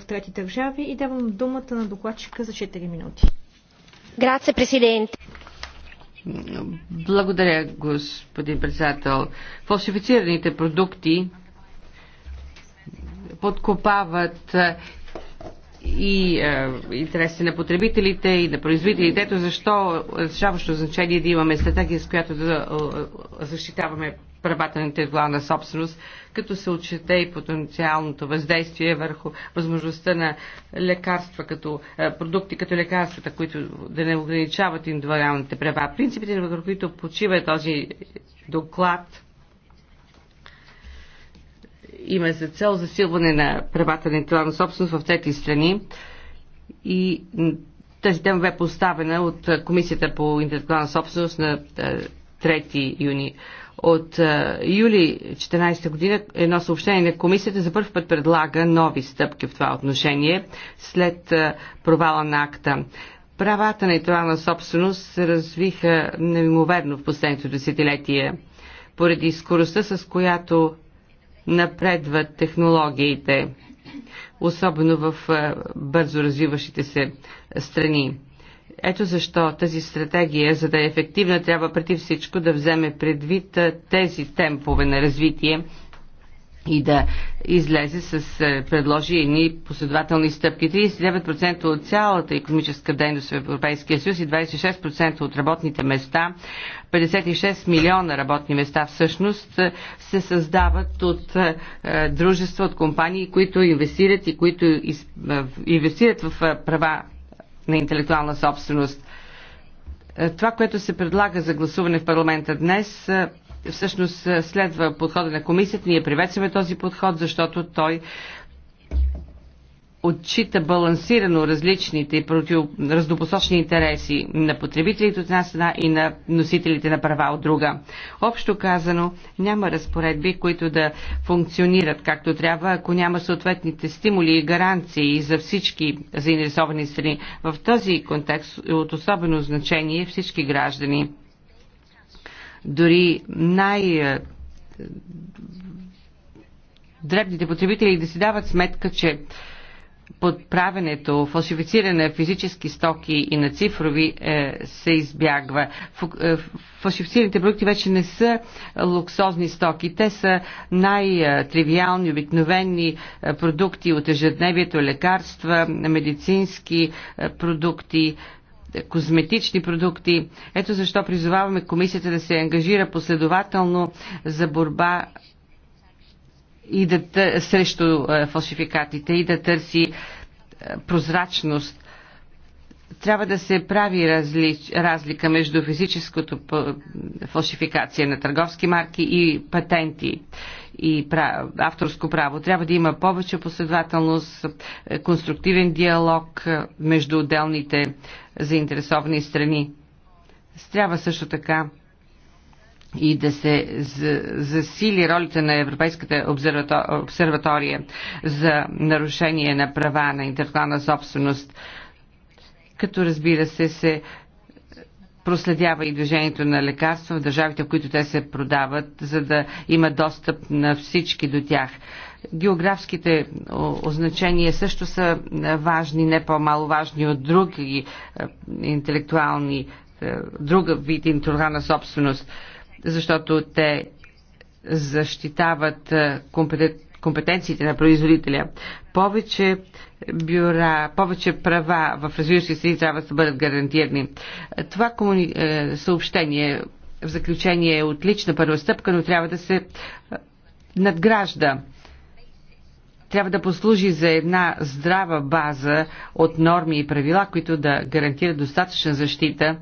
в трети държави и давам думата на докладчика за 4 минути. Грация, президент. Благодаря, господин председател. Фалшифицираните продукти подкопават и е, интересите на потребителите и на производителите. Ето защо е решаващо значение да имаме стратегия, с която да защитаваме правата на интелектуална собственост, като се отчете и потенциалното въздействие върху възможността на лекарства, като, е, продукти като лекарствата, които да не ограничават индивидуалните права. Принципите, върху които почива този доклад, има за цел засилване на правата на интелектуална собственост в трети страни и тази тема бе поставена от Комисията по интелектуална собственост на 3 е, юни. От е, юли 2014 година едно съобщение на комисията за първ път предлага нови стъпки в това отношение след е, провала на акта. Правата на интелектуална собственост се развиха неимоверно в последното десетилетие поради скоростта, с която напредват технологиите, особено в е, бързо развиващите се страни. Ето защо тази стратегия, за да е ефективна, трябва преди всичко да вземе предвид тези темпове на развитие и да излезе с предложи едни последователни стъпки. 39% от цялата економическа дейност в Европейския съюз и 26% от работните места, 56 милиона работни места всъщност, се създават от дружества, от компании, които инвестират и които инвестират в права на интелектуална собственост. Е, това, което се предлага за гласуване в парламента днес, е, всъщност е, следва подхода на комисията. Ние приветстваме този подход, защото той отчита балансирано различните и против... разнопосочни интереси на потребителите от една страна и на носителите на права от друга. Общо казано, няма разпоредби, които да функционират както трябва, ако няма съответните стимули и гаранции за всички заинтересовани страни. В този контекст е от особено значение всички граждани. Дори най- е, дребните потребители да си дават сметка, че подправенето, фалшифициране на физически стоки и на цифрови е, се избягва. Е, фалшифицираните продукти вече не са луксозни стоки. Те са най-тривиални, обикновени е, продукти от ежедневието, лекарства, медицински е, продукти козметични продукти. Ето защо призоваваме комисията да се ангажира последователно за борба и да, срещу фалшификатите и да търси прозрачност. Трябва да се прави разли, разлика между физическото фалшификация на търговски марки и патенти и право, авторско право. Трябва да има повече последователност, конструктивен диалог между отделните заинтересовани страни. Трябва също така и да се засили ролята на Европейската обсерватория за нарушение на права на интелектуална собственост, като разбира се се проследява и движението на лекарства в държавите, в които те се продават, за да има достъп на всички до тях. Географските означения също са важни, не по-мало важни от други е, интелектуални, е, друга вид интелектуална собственост защото те защитават компетенциите на производителя. Повече бюра, повече права в развиващи страни трябва да бъдат гарантирани. Това комуни... Е, съобщение в заключение е отлична първа стъпка, но трябва да се надгражда трябва да послужи за една здрава база от норми и правила, които да гарантират достатъчна защита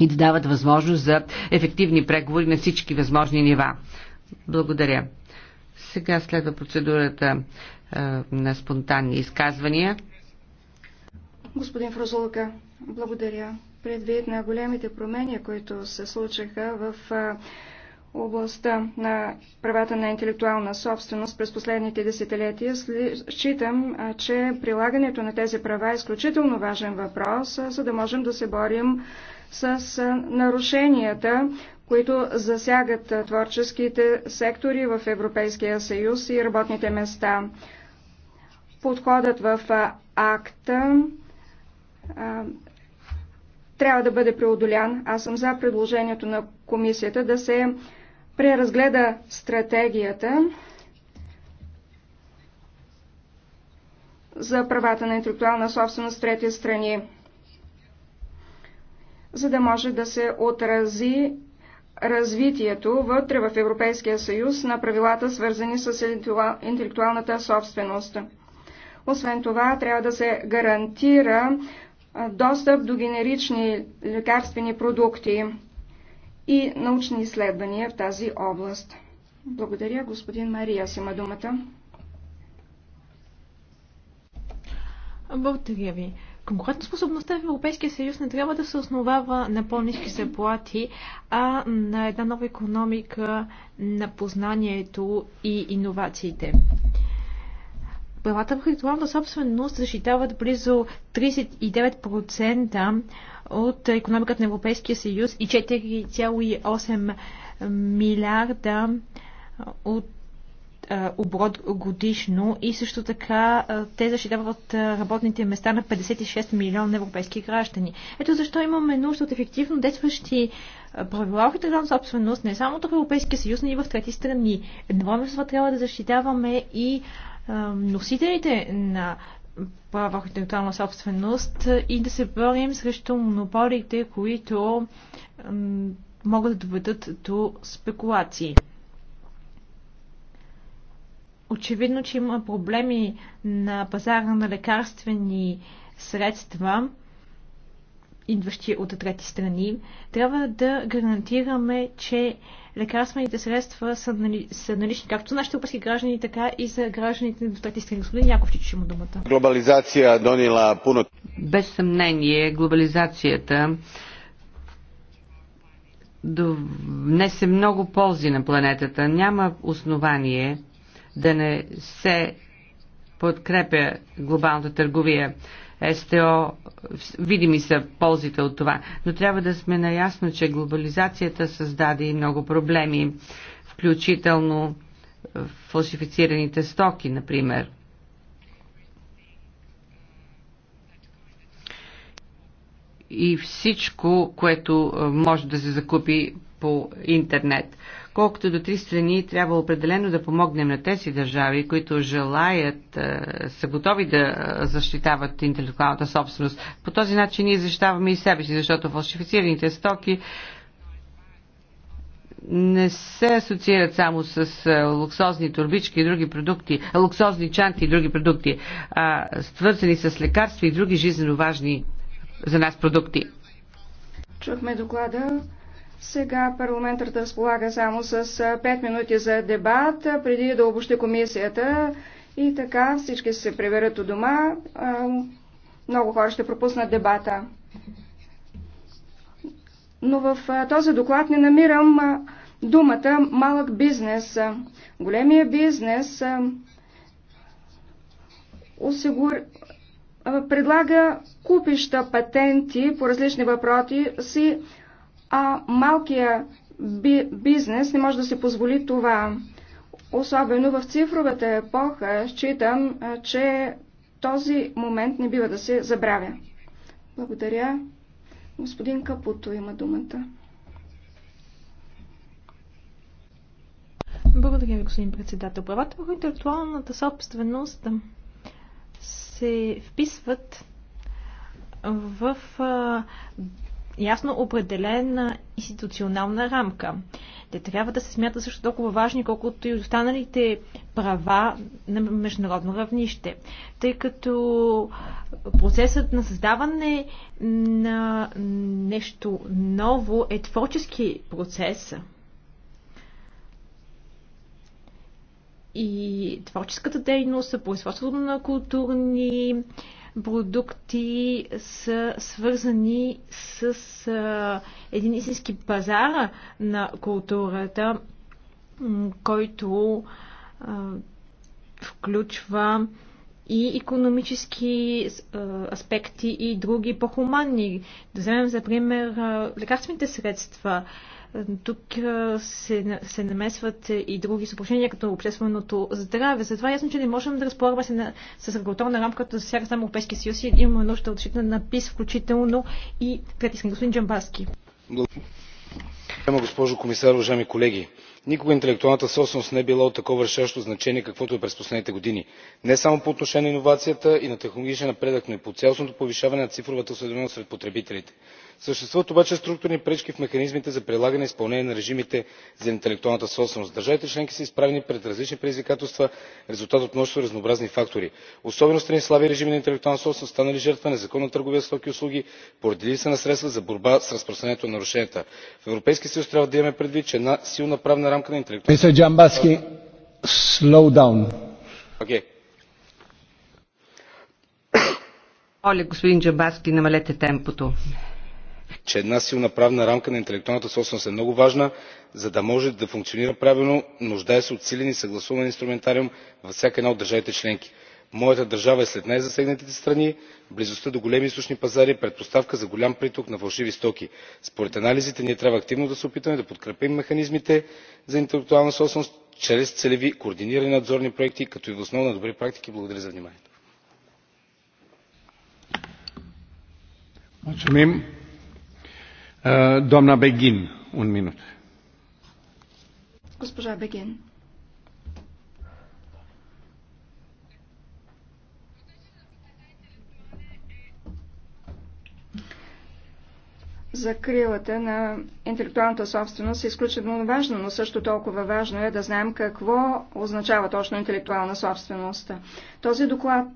и да дават възможност за ефективни преговори на всички възможни нива. Благодаря. Сега следва процедурата е, на спонтанни изказвания. Господин Фрузулка, благодаря. Предвид на големите промени, които се случиха в областта на правата на интелектуална собственост през последните десетилетия, считам, че прилагането на тези права е изключително важен въпрос, за да можем да се борим с нарушенията, които засягат творческите сектори в Европейския съюз и работните места. Подходът в акта трябва да бъде преодолян. Аз съм за предложението на комисията да се преразгледа стратегията за правата на интелектуална собственост в трети страни за да може да се отрази развитието вътре в Европейския съюз на правилата, свързани с интелектуалната собственост. Освен това, трябва да се гарантира достъп до генерични лекарствени продукти и научни изследвания в тази област. Благодаря, господин Мария, си има думата. Благодаря ви. Конкурентоспособността в Европейския съюз не трябва да се основава на по-низки заплати, а на една нова економика на познанието и иновациите. Правата в ритуалната собственост защитават близо 39% от економиката на Европейския съюз и 4,8 милиарда от оборот годишно и също така те защитават работните места на 56 милиона европейски граждани. Ето защо имаме нужда от ефективно действащи правила в държавна собственост не само в Европейския съюз, но и в трети страни. Едновременно трябва да защитаваме и носителите на права в интелектуална собственост и да се борим срещу монополите, които могат да доведат до спекулации очевидно, че има проблеми на пазара на лекарствени средства, идващи от трети страни, трябва да гарантираме, че лекарствените средства са, нали, са налични както за нашите опаски граждани, така и за гражданите от трети страни. Господин Яков, че му думата. Глобализация донила пуно... Без съмнение, глобализацията внесе много ползи на планетата. Няма основание да не се подкрепя глобалната търговия. СТО, видими са ползите от това, но трябва да сме наясно, че глобализацията създаде и много проблеми, включително фалшифицираните стоки, например. И всичко, което може да се закупи по интернет. Колкото до три страни, трябва определено да помогнем на тези държави, които желаят, е, са готови да е, защитават интелектуалната собственост. По този начин ние защитаваме и себе си, защото фалшифицираните стоки не се асоциират само с е, луксозни турбички и други продукти, луксозни чанти и други продукти, а свързани с лекарства и други жизненно важни за нас продукти. Чухме доклада сега парламентът разполага само с 5 минути за дебат, преди да обобщи комисията. И така всички се приберат у дома. Много хора ще пропуснат дебата. Но в този доклад не намирам думата малък бизнес. Големия бизнес осигур... предлага купища патенти по различни въпроси, а малкия бизнес не може да се позволи това. Особено в цифровата епоха считам, че този момент не бива да се забравя. Благодаря. Господин Капуто има думата. Благодаря ви, господин председател. Правата върху интелектуалната собственост се вписват в ясно определена институционална рамка. Те трябва да се смятат също толкова важни, колкото и останалите права на международно равнище, тъй като процесът на създаване на нещо ново е творчески процес. И творческата дейност, е производството на културни продукти са свързани с един истински пазар на културата, който включва и економически аспекти и други по-хуманни. Да вземем за пример лекарствените средства. Тук се, се намесват и други съобщения, като общественото здраве. Затова е ясно, че не можем да разполагаме се на, с регулаторна рамка, като всяка само Европейския съюз и имаме нужда от защита на ПИС, включително и притискане. Господин Джамбаски. Благодаря, госпожо комисар, уважаеми колеги никога интелектуалната собственост не е била от такова решаващо значение каквото е през последните години не само по отношение на иновацията и на технологичния напредък но и по цялостното повишаване на цифровата осведоменост сред потребителите. съществуват обаче структурни пречки в механизмите за прилагане и изпълнение на режимите за интелектуалната собственост. държавите членки са изправени пред различни предизвикателства в резултат от множество разнообразни фактори. особено страни със слаби режими на интелектуална собственост станали жертва на незаконна търговия със стоки и услуги поради липса на средства за борба с разпространението на нарушенията. в европейския съюз трябва да имаме предвид че една силна правна рамка на интелектуалната slow down. Okay. господин Джамбаски, намалете темпото. Че една силна правна рамка на интелектуалната собственост е много важна, за да може да функционира правилно, нуждае се от силен и съгласуван инструментариум във всяка една от държавите членки моята държава е сред най засегнатите страни близостта до големи източни пазари е предпоставка за голям приток на фалшиви стоки. според анализите ние трябва активно да се опитаме да подкрепим механизмите за интелектуална собственост чрез целеви координирани надзорни проекти като въз основа на добри практики. благодаря за вниманието. Е, Госпожа Бегин. закрилата на интелектуалната собственост е изключително важно, но също толкова важно е да знаем какво означава точно интелектуална собственост. Този доклад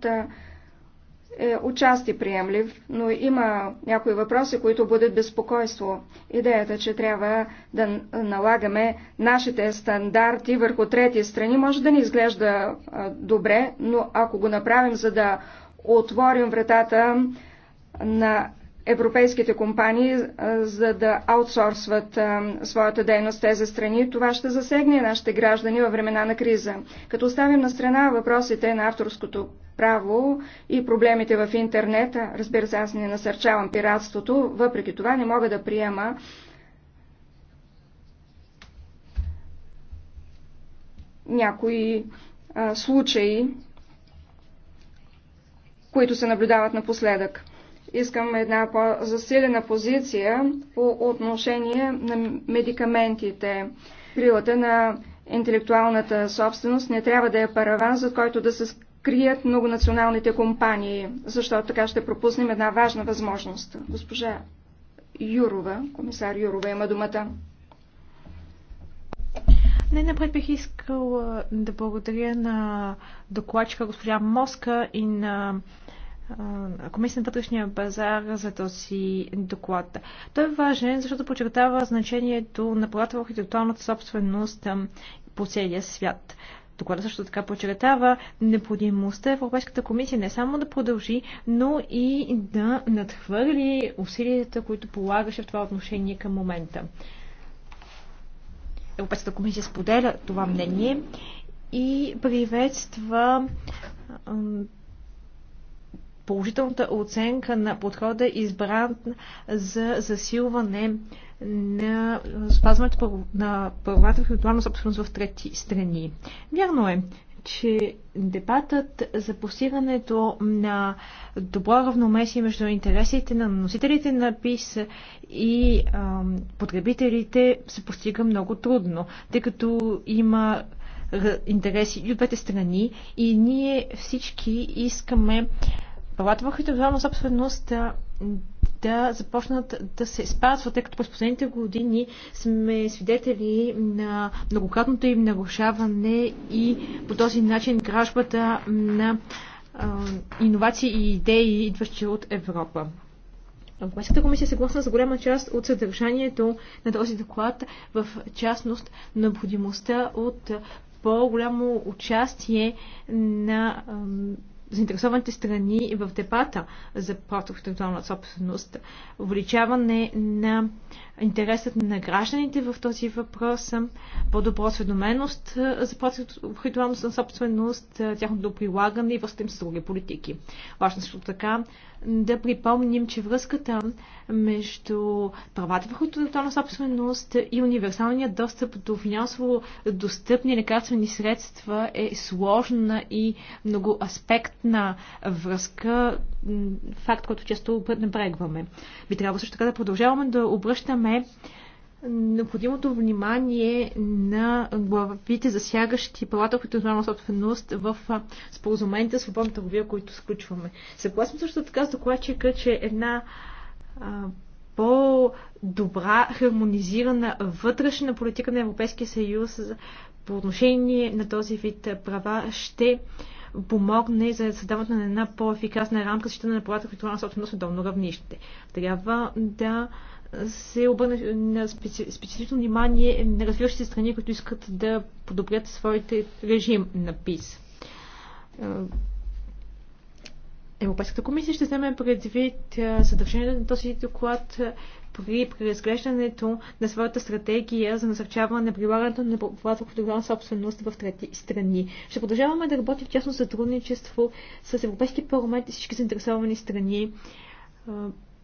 е отчасти приемлив, но има някои въпроси, които будят безпокойство. Идеята, че трябва да налагаме нашите стандарти върху трети страни, може да ни изглежда добре, но ако го направим, за да отворим вратата на европейските компании, за да аутсорсват своята дейност в тези страни. Това ще засегне нашите граждани във времена на криза. Като оставим на страна въпросите на авторското право и проблемите в интернет, разбира се, аз не насърчавам пиратството, въпреки това не мога да приема някои а, случаи, които се наблюдават напоследък. Искам една по-засилена позиция по отношение на медикаментите. Крилата на интелектуалната собственост не трябва да е параван, за който да се скрият многонационалните компании, защото така ще пропуснем една важна възможност. Госпожа Юрова, комисар Юрова има думата. Не, напред бих искал да благодаря на докладчика госпожа Моска и на Комисия на вътрешния пазар за този доклад. Той е важен, защото подчертава значението на правата в интелектуалната собственост по целия свят. Докладът също така подчертава необходимостта Европейската комисия не само да продължи, но и да надхвърли усилията, които полагаше в това отношение към момента. Европейската комисия споделя това мнение и приветства положителната оценка на подхода избран за засилване на спазването на правовата в ритуална собственост в трети страни. Вярно е, че дебатът за постигането на добро равномесие между интересите на носителите на ПИС и а, потребителите се постига много трудно, тъй като има интереси и от двете страни и ние всички искаме правата върху интелектуална собственост да, да започнат да се спазват, тъй като през последните години сме свидетели на многократното им нарушаване и по този начин гражбата на иновации и идеи, идващи от Европа. Европейската комисия е съгласна за голяма част от съдържанието на този доклад, в частност необходимостта от по-голямо участие на заинтересованите страни в дебата за правото собственост, увеличаване на интересът на гражданите в този въпрос, по-добро осведоменост за правото собственост, тяхното прилагане и връзката с други политики. Важно също така да припомним, че връзката между правата върху интелектуална собственост и универсалния достъп до финансово достъпни лекарствени средства е сложна и многоаспектна на връзка, факт, който често пренебрегваме. Би трябвало също така да продължаваме да обръщаме необходимото внимание на главите, засягащи правата в интелектуална е собственост в споразумените за свободна търговия, които сключваме. Съгласно също така с докладчика, че една по-добра хармонизирана вътрешна политика на Европейския съюз по отношение на този вид права ще помогне за създаването на една по-ефикасна рамка защита на правата които на собственост на долно равнище. Трябва да се обърне на специ... специфично внимание на развиващите страни, които искат да подобрят своите режим на ПИС. Европейската комисия ще вземе предвид е, съдържанието на този доклад е, при преразглеждането на своята стратегия за насърчаване на прилагането на правилата категорична собственост в трети страни. Ще продължаваме да работим в тясно сътрудничество с Европейски парламент и всички заинтересовани страни е,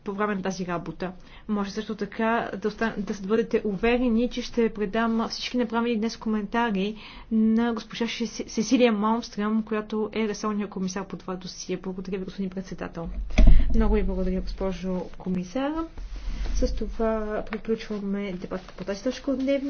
по време на тази работа. Може също така да, остан... да бъдете уверени, че ще предам всички направени днес коментари на госпожа Сесилия Малмстрам, която е ресорния комисар по това досие. Благодаря ви, господин председател. Много ви благодаря, госпожо комисар. С това приключваме дебата по тази точка от дневни.